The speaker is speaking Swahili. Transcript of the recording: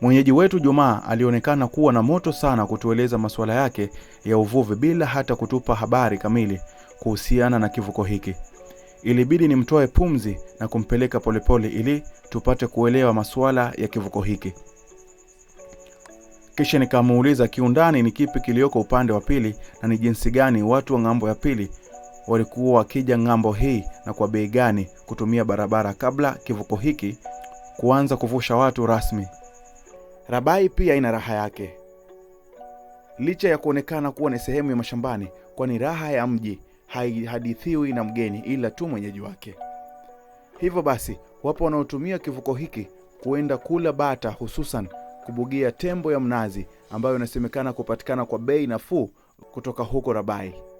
Mwenyeji wetu Jumaa alionekana kuwa na moto sana kutueleza masuala yake ya uvuvi bila hata kutupa habari kamili kuhusiana na kivuko hiki. Ilibidi nimtoe pumzi na kumpeleka polepole ili tupate kuelewa masuala ya kivuko hiki. Kisha nikamuuliza kiundani ni kipi kilioko upande wa pili na ni jinsi gani watu wa ng'ambo ya pili walikuwa wakija ng'ambo hii na kwa bei gani kutumia barabara kabla kivuko hiki kuanza kuvusha watu rasmi. Rabai pia ina raha yake, licha ya kuonekana kuwa ni sehemu ya mashambani, kwani raha ya mji haihadithiwi na mgeni ila tu mwenyeji wake. Hivyo basi, wapo wanaotumia kivuko hiki kuenda kula bata, hususan kubugia tembo ya mnazi ambayo inasemekana kupatikana kwa bei nafuu kutoka huko Rabai.